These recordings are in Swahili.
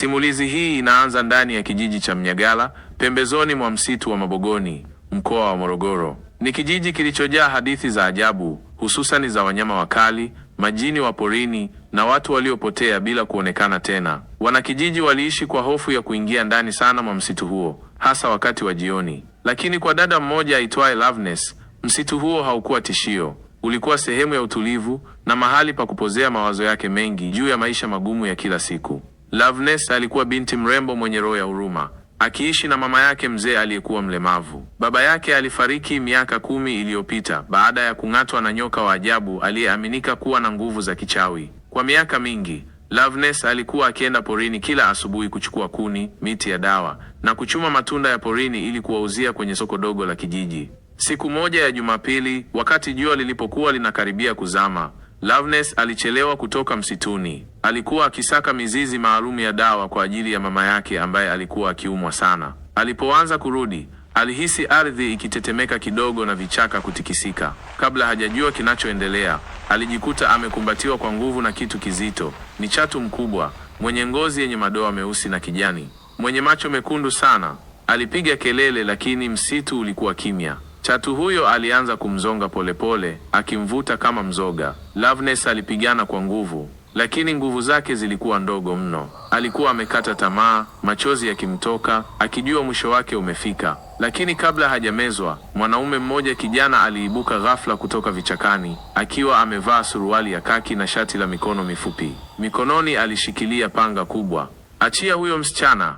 Simulizi hii inaanza ndani ya kijiji cha Mnyagala, pembezoni mwa msitu wa Mabogoni, mkoa wa Morogoro. Ni kijiji kilichojaa hadithi za ajabu, hususani za wanyama wakali, majini wa porini na watu waliopotea bila kuonekana tena. Wanakijiji waliishi kwa hofu ya kuingia ndani sana mwa msitu huo, hasa wakati wa jioni. Lakini kwa dada mmoja aitwaye Loveness, msitu huo haukuwa tishio. Ulikuwa sehemu ya utulivu na mahali pa kupozea mawazo yake mengi juu ya maisha magumu ya kila siku. Loveness alikuwa binti mrembo mwenye roho ya huruma, akiishi na mama yake mzee aliyekuwa mlemavu. Baba yake alifariki miaka kumi iliyopita baada ya kung'atwa na nyoka wa ajabu aliyeaminika kuwa na nguvu za kichawi. Kwa miaka mingi Loveness alikuwa akienda porini kila asubuhi kuchukua kuni, miti ya dawa na kuchuma matunda ya porini ili kuwauzia kwenye soko dogo la kijiji. Siku moja ya Jumapili, wakati jua lilipokuwa linakaribia kuzama, Loveness alichelewa kutoka msituni. Alikuwa akisaka mizizi maalum ya dawa kwa ajili ya mama yake ambaye alikuwa akiumwa sana. Alipoanza kurudi, alihisi ardhi ikitetemeka kidogo na vichaka kutikisika. Kabla hajajua kinachoendelea, alijikuta amekumbatiwa kwa nguvu na kitu kizito. Ni chatu mkubwa mwenye ngozi yenye madoa meusi na kijani, mwenye macho mekundu sana. Alipiga kelele, lakini msitu ulikuwa kimya. Chatu huyo alianza kumzonga polepole, akimvuta kama mzoga. Loveness alipigana kwa nguvu, lakini nguvu zake zilikuwa ndogo mno. Alikuwa amekata tamaa, machozi yakimtoka, akijua mwisho wake umefika. Lakini kabla hajamezwa, mwanaume mmoja kijana aliibuka ghafla kutoka vichakani, akiwa amevaa suruali ya kaki na shati la mikono mifupi. Mikononi alishikilia panga kubwa. Achia huyo msichana!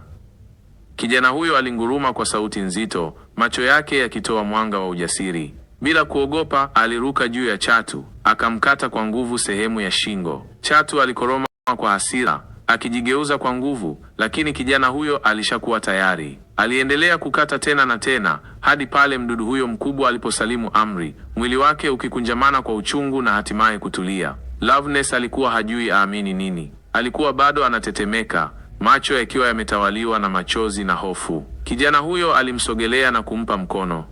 Kijana huyo alinguruma kwa sauti nzito, macho yake yakitoa mwanga wa ujasiri. Bila kuogopa, aliruka juu ya chatu, akamkata kwa nguvu sehemu ya shingo. Chatu alikoroma kwa hasira, akijigeuza kwa nguvu, lakini kijana huyo alishakuwa tayari. Aliendelea kukata tena na tena hadi pale mdudu huyo mkubwa aliposalimu amri, mwili wake ukikunjamana kwa uchungu na hatimaye kutulia. Loveness alikuwa hajui aamini nini. Alikuwa bado anatetemeka macho yakiwa yametawaliwa na machozi na hofu. Kijana huyo alimsogelea na kumpa mkono.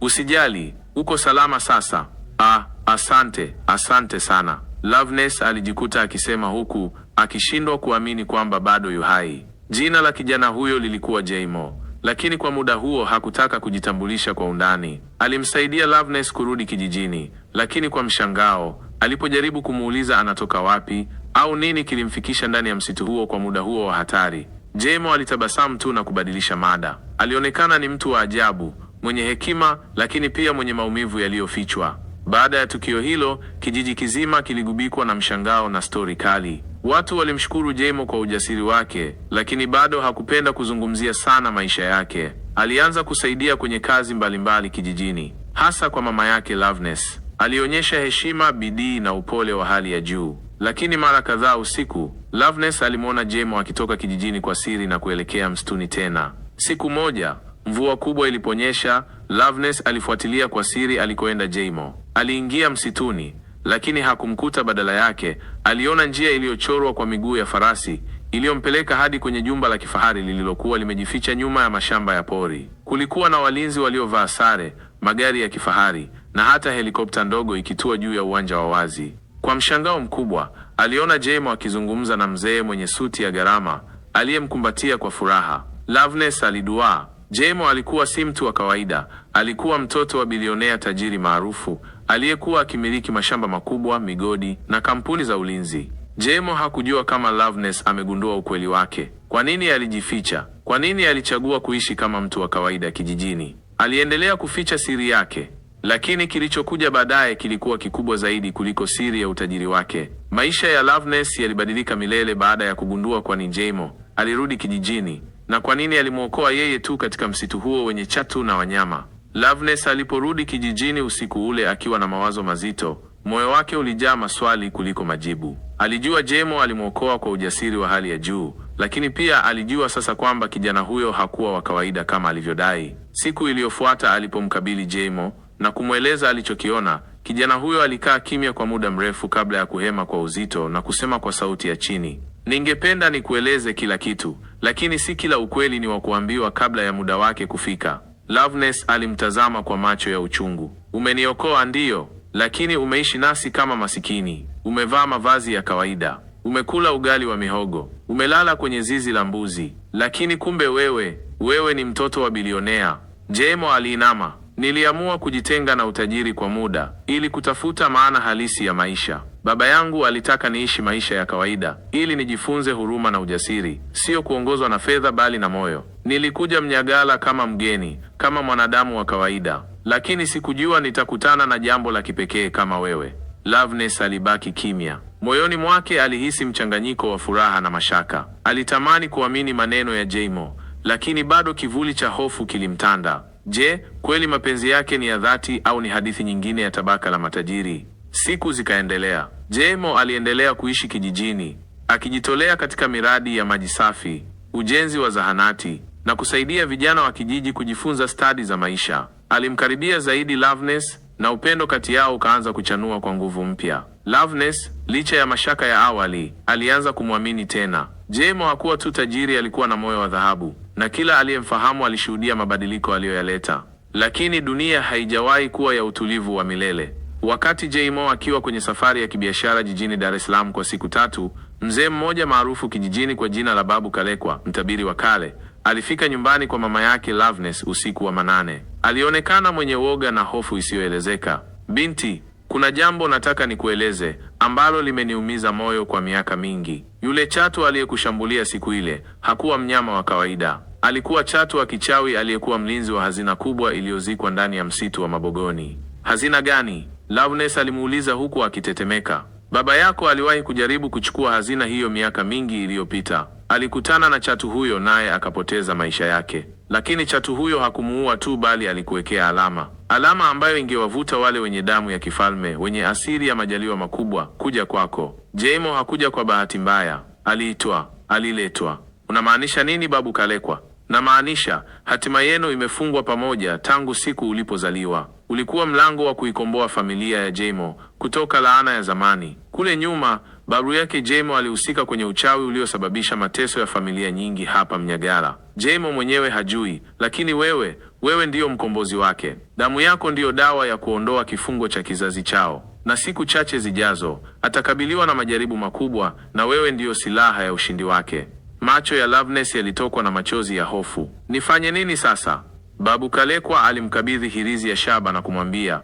Usijali, uko salama sasa. Ah, asante, asante sana, Loveness alijikuta akisema huku akishindwa kuamini kwamba bado yu hai. Jina la kijana huyo lilikuwa Jaimo, lakini kwa muda huo hakutaka kujitambulisha kwa undani. Alimsaidia Loveness kurudi kijijini, lakini kwa mshangao alipojaribu kumuuliza anatoka wapi, au nini kilimfikisha ndani ya msitu huo kwa muda huo wa hatari? Jemo alitabasamu tu na kubadilisha mada. Alionekana ni mtu wa ajabu, mwenye hekima, lakini pia mwenye maumivu yaliyofichwa. Baada ya tukio hilo, kijiji kizima kiligubikwa na mshangao na stori kali. Watu walimshukuru Jemo kwa ujasiri wake, lakini bado hakupenda kuzungumzia sana maisha yake. Alianza kusaidia kwenye kazi mbalimbali kijijini, hasa kwa mama yake Loveness. Alionyesha heshima, bidii na upole wa hali ya juu. Lakini mara kadhaa usiku, Loveness alimwona Jemo akitoka kijijini kwa siri na kuelekea msituni tena. Siku moja, mvua kubwa iliponyesha, Loveness alifuatilia kwa siri alikoenda Jemo. Aliingia msituni, lakini hakumkuta. Badala yake, aliona njia iliyochorwa kwa miguu ya farasi iliyompeleka hadi kwenye jumba la kifahari lililokuwa limejificha nyuma ya mashamba ya pori. Kulikuwa na walinzi waliovaa sare, magari ya kifahari na hata helikopta ndogo ikitua juu ya uwanja wa wazi. Kwa mshangao mkubwa aliona Jemo akizungumza na mzee mwenye suti ya gharama aliyemkumbatia kwa furaha. Loveness aliduaa. Jemo alikuwa si mtu wa kawaida, alikuwa mtoto wa bilionea tajiri maarufu aliyekuwa akimiliki mashamba makubwa, migodi na kampuni za ulinzi. Jemo hakujua kama Loveness amegundua ukweli wake. Kwa nini alijificha? Kwa nini alichagua kuishi kama mtu wa kawaida kijijini? Aliendelea kuficha siri yake. Lakini kilichokuja baadaye kilikuwa kikubwa zaidi kuliko siri ya utajiri wake. Maisha ya Loveness yalibadilika milele baada ya kugundua kwa nini Jaimo alirudi kijijini na kwa nini alimwokoa yeye tu katika msitu huo wenye chatu na wanyama. Loveness aliporudi kijijini usiku ule akiwa na mawazo mazito, moyo wake ulijaa maswali kuliko majibu. Alijua Jaimo alimwokoa kwa ujasiri wa hali ya juu, lakini pia alijua sasa kwamba kijana huyo hakuwa wa kawaida kama alivyodai. Siku iliyofuata alipomkabili Jaimo na kumweleza alichokiona. Kijana huyo alikaa kimya kwa muda mrefu kabla ya kuhema kwa uzito na kusema kwa sauti ya chini, ningependa nikueleze kila kitu, lakini si kila ukweli ni wa kuambiwa kabla ya muda wake kufika. Loveness alimtazama kwa macho ya uchungu. Umeniokoa ndiyo, lakini umeishi nasi kama masikini. Umevaa mavazi ya kawaida, umekula ugali wa mihogo, umelala kwenye zizi la mbuzi, lakini kumbe wewe, wewe ni mtoto wa bilionea. Jemo aliinama Niliamua kujitenga na utajiri kwa muda ili kutafuta maana halisi ya maisha. Baba yangu alitaka niishi maisha ya kawaida ili nijifunze huruma na ujasiri, sio kuongozwa na fedha bali na moyo. Nilikuja Mnyagala kama mgeni, kama mwanadamu wa kawaida, lakini sikujua nitakutana na jambo la kipekee kama wewe. Loveness alibaki kimya. Moyoni mwake alihisi mchanganyiko wa furaha na mashaka. Alitamani kuamini maneno ya Jaymo, lakini bado kivuli cha hofu kilimtanda. Je, kweli mapenzi yake ni ya dhati au ni hadithi nyingine ya tabaka la matajiri? Siku zikaendelea. Jemo aliendelea kuishi kijijini, akijitolea katika miradi ya maji safi, ujenzi wa zahanati na kusaidia vijana wa kijiji kujifunza stadi za maisha. Alimkaribia zaidi Loveness na upendo kati yao ukaanza kuchanua kwa nguvu mpya. Loveness, licha ya mashaka ya awali, alianza kumwamini tena. Jemo hakuwa tu tajiri, alikuwa na moyo wa dhahabu na kila aliyemfahamu alishuhudia mabadiliko aliyoyaleta, lakini dunia haijawahi kuwa ya utulivu wa milele. Wakati jmo akiwa kwenye safari ya kibiashara jijini Dar es Salaam kwa siku tatu, mzee mmoja maarufu kijijini kwa jina la Babu Kalekwa, mtabiri wa kale, alifika nyumbani kwa mama yake Loveness usiku wa manane. Alionekana mwenye woga na hofu isiyoelezeka. Binti kuna jambo nataka nikueleze ambalo limeniumiza moyo kwa miaka mingi. Yule chatu aliyekushambulia siku ile hakuwa mnyama wa kawaida. Alikuwa chatu wa kichawi aliyekuwa mlinzi wa hazina kubwa iliyozikwa ndani ya msitu wa Mabogoni. Hazina gani? Loveness alimuuliza huku akitetemeka. Baba yako aliwahi kujaribu kuchukua hazina hiyo miaka mingi iliyopita. Alikutana na chatu huyo naye akapoteza maisha yake. Lakini chatu huyo hakumuua tu, bali alikuwekea alama, alama ambayo ingewavuta wale wenye damu ya kifalme, wenye asili ya majaliwa makubwa kuja kwako. Jaimo hakuja kwa bahati mbaya, aliitwa, aliletwa. Unamaanisha nini, Babu Kalekwa? Namaanisha hatima yenu imefungwa pamoja tangu siku ulipozaliwa. Ulikuwa mlango wa kuikomboa familia ya Jaimo kutoka laana ya zamani kule nyuma. Babu yake Jemo alihusika kwenye uchawi uliosababisha mateso ya familia nyingi hapa Mnyagara. Jemo mwenyewe hajui, lakini wewe, wewe ndiyo mkombozi wake. Damu yako ndiyo dawa ya kuondoa kifungo cha kizazi chao, na siku chache zijazo atakabiliwa na majaribu makubwa, na wewe ndiyo silaha ya ushindi wake. Macho ya Loveness yalitokwa na machozi ya hofu. Nifanye nini sasa? Babu Kalekwa alimkabidhi hirizi ya shaba na kumwambia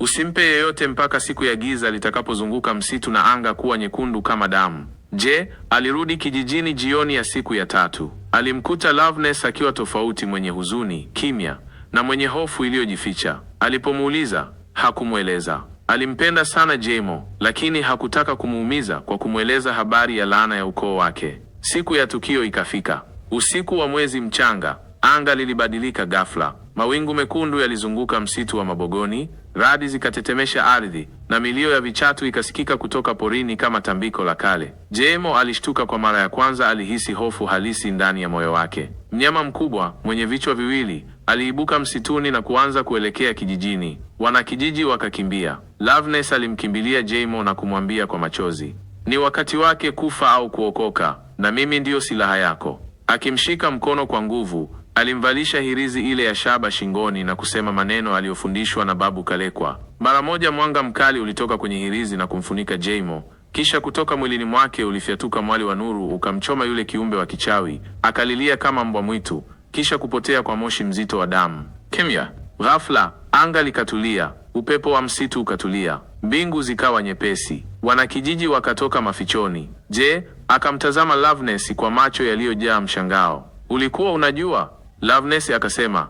Usimpe yeyote mpaka siku ya giza litakapozunguka msitu na anga kuwa nyekundu kama damu. Je, alirudi kijijini jioni ya siku ya tatu. Alimkuta Loveness akiwa tofauti, mwenye huzuni, kimya na mwenye hofu iliyojificha. Alipomuuliza, hakumweleza. Alimpenda sana Jemo, lakini hakutaka kumuumiza kwa kumweleza habari ya laana ya ukoo wake. Siku ya tukio ikafika. Usiku wa mwezi mchanga, anga lilibadilika ghafla. Mawingu mekundu yalizunguka msitu wa Mabogoni. Radi zikatetemesha ardhi na milio ya vichatu ikasikika kutoka porini kama tambiko la kale. Jemo alishtuka kwa mara ya kwanza, alihisi hofu halisi ndani ya moyo wake. Mnyama mkubwa mwenye vichwa viwili aliibuka msituni na kuanza kuelekea kijijini. Wanakijiji wakakimbia. Loveness alimkimbilia Jemo na kumwambia kwa machozi, ni wakati wake kufa au kuokoka, na mimi ndiyo silaha yako. Akimshika mkono kwa nguvu Alimvalisha hirizi ile ya shaba shingoni na kusema maneno aliyofundishwa na Babu Kalekwa. Mara moja mwanga mkali ulitoka kwenye hirizi na kumfunika Jaimo, kisha kutoka mwilini mwake ulifyatuka mwali wa nuru ukamchoma yule kiumbe wa kichawi, akalilia kama mbwa mwitu, kisha kupotea kwa moshi mzito wa damu. Kimya. Ghafla anga likatulia, upepo wa msitu ukatulia, mbingu zikawa nyepesi, wanakijiji wakatoka mafichoni. Je akamtazama Loveness kwa macho yaliyojaa mshangao. Ulikuwa unajua Loveness akasema,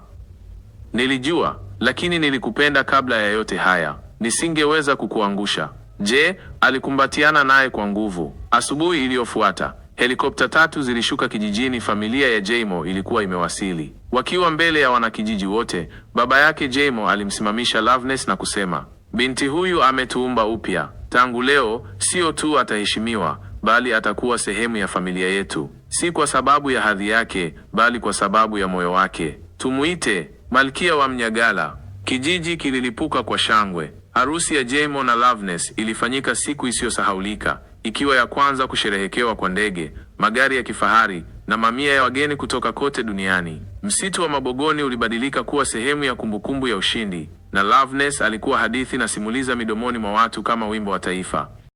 nilijua, lakini nilikupenda kabla ya yote haya, nisingeweza kukuangusha. Je, alikumbatiana naye kwa nguvu. Asubuhi iliyofuata helikopta tatu zilishuka kijijini. Familia ya Jaimo ilikuwa imewasili. Wakiwa mbele ya wanakijiji wote, baba yake Jaimo alimsimamisha Loveness na kusema, binti huyu ametuumba upya. Tangu leo sio tu ataheshimiwa, bali atakuwa sehemu ya familia yetu si kwa sababu ya hadhi yake, bali kwa sababu ya moyo wake. Tumuite Malkia wa Mnyagala. Kijiji kililipuka kwa shangwe. Harusi ya Jaymo na Loveness ilifanyika siku isiyosahaulika, ikiwa ya kwanza kusherehekewa kwa ndege, magari ya kifahari na mamia ya wageni kutoka kote duniani. Msitu wa Mabogoni ulibadilika kuwa sehemu ya kumbukumbu ya ushindi, na Loveness alikuwa hadithi na simuliza midomoni mwa watu kama wimbo wa taifa.